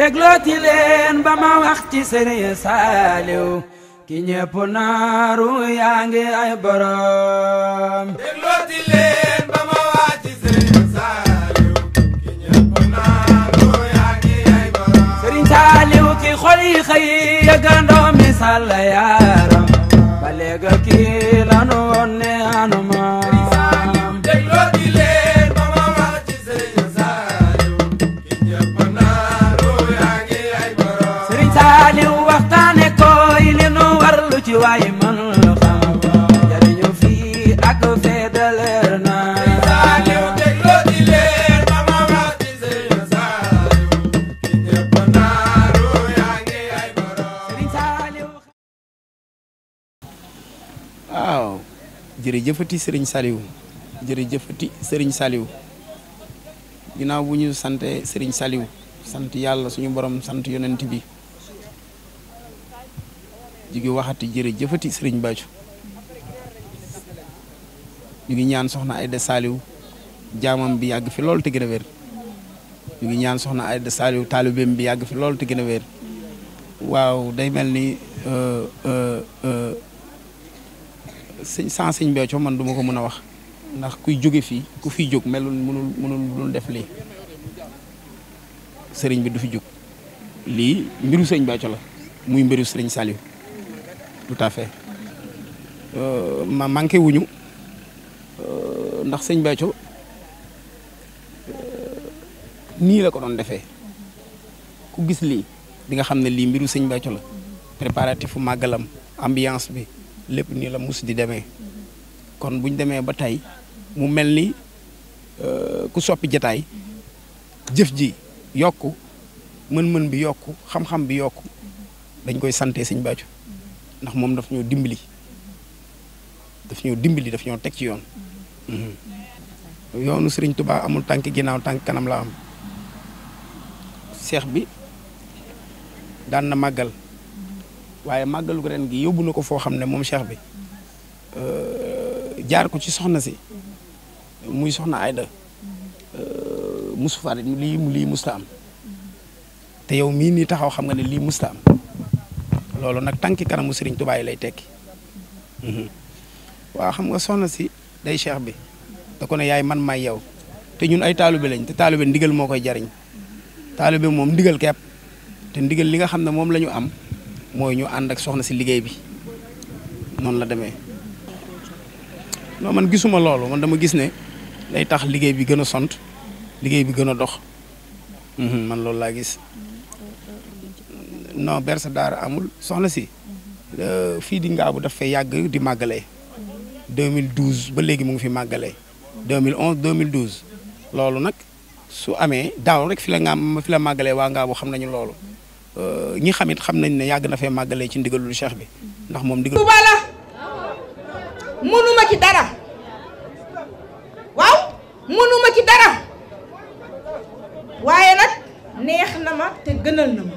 déglooti leen ba ma wax ci Sëriñ Saaliw ki ñépp naaru yaa ngi ay borom déglooti leen ba ma wax ci Sëriñ Saaliw ki ñépp naaru yaa ngi ay borom Sëriñ Saaliw ki xol yi xëy yëgandoo mi sàll yaaram ba léegi kii jërëjëfati sëriñ Saliou jërëjëfati sëriñ Saliou ginnaaw bu ñu sante sëriñ saliw sant yàlla suñu borom sant yonent bi ñu ngi waxati jëfati sëriñ Bàccu ñu ngi ñaan soxna Aïda Saliou jaamam bi yàgg fi lool te gën a wér ñu ngi ñaan soxna Aïda Saliou taalibeem bi yàgg fi lool te gën a wér waaw day mel ni. Euh, euh, euh, sëñ seigne beu ci man duma ko mën wax ndax kuy jóge fi ku fi jóg melul mënul mënul dul def li sëriñ bi du fi jóg li mbiru beu ci la muy mbiru sëriñ saliw tout à fait euh, ma manké wuñu euh, ndax sëñ Béthio euh, ni la ko don defé ku gis li di nga xamné li mbiru seigne beu ci la préparatif magalam ambiance bi lépp nii la mus di demee kon bu demee ba tey mu mel ni euh, ku soppi jataay jëf ji yokk mën-mën bi yokk xam-xam bi yokku dañ koy sante sëñ Bàccu ndax moom daf ñoo dimbali daf ñoo dimbali daf ñoo teg ci yoon yoonu sëriñ Tuubaa amul tànk ginnaaw tànk kanam la am seex bi daan na màggal waaye màggalu ren gi yóbbu na ko foo xam ne moom cheikh bi euh, jaar ko ci soxna si muy soxna Ayda euh, musu farit lii lii musta am te yow mii nii taxaw xam nga ne lii musta am loolu nag tànki kanamu Serigne Touba yi lay tekki mhm. waaw xam nga soxna si day cheikh bi da ko ne yaay man may yow te ñun ay taalibe lañ te taalibe ndigal moo koy jariñ taalibe moom ndigal kepp te ndigal li nga xam ne moom lañu am moy ñu and ak soxna si liggey bi non la démé non man gisuma loolu man dama gis né lay tax liggey bi gëna sont liggey bi gëna dox hmm man loolu lagi. gis no bersa dara amul soxna si euh, fi di Ngaabu daf fay yag di magalé 2012 ba légui mu ngi fi magalé 2011 2012 loolu nak su amé daaw rek fi la nga fi la wa nga bu xam nañu loolu ñi xamit xam nañ ne yàgg na fee màggalee ci ndigalul cheikh bi ndax moom ndigal Tuuba mënuma ci dara waaw mënuma ci dara waaye nag neex na ma te gënal na ma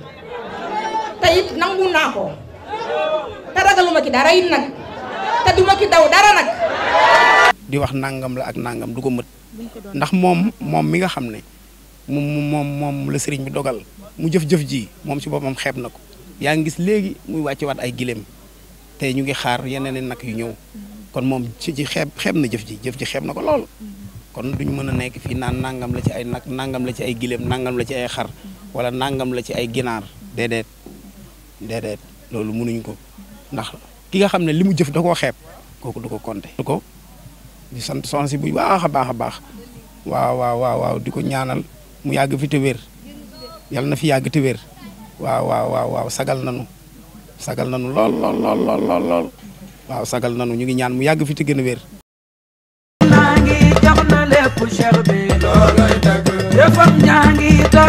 te it nangu naa ko te ci dara it nag te duma ci daw dara nag di wax nangam la ak nangam du ko mët ndax moom moom mi nga xam ne mu moom moom la sëriñ bi dogal mu jëf-jëf ji moom ci boppam xeeb na ko yaa ngi gis léegi muy wàcce waat ay gileem te ñu ngi xaar yeneen nag yu ñëw kon moom ci ci xeeb xeeb na jëf ji jëf ji xeeb na ko lool kon duñu mën a nekk fii naan nangam la ci ay nag nangam la ci ay gileem nangam la ci ay xar wala nangam la ci ay ginaar déedéet déedéet loolu mënuñ ko ndax ki nga xam ne li mu jëf da koo xeeb kooku du ko compté du ko di sant soxna si bu a baax a baax waaw waaw waaw di ko ñaanal mu yàgg fi te wér yàlla na fi yàgg te wér waaw waaw waaw waaw sagal nanu sagal nanu lool lool lool lool lool waaw sagal nanu ñu ngi ñaan mu yàgg fi te gën a wér.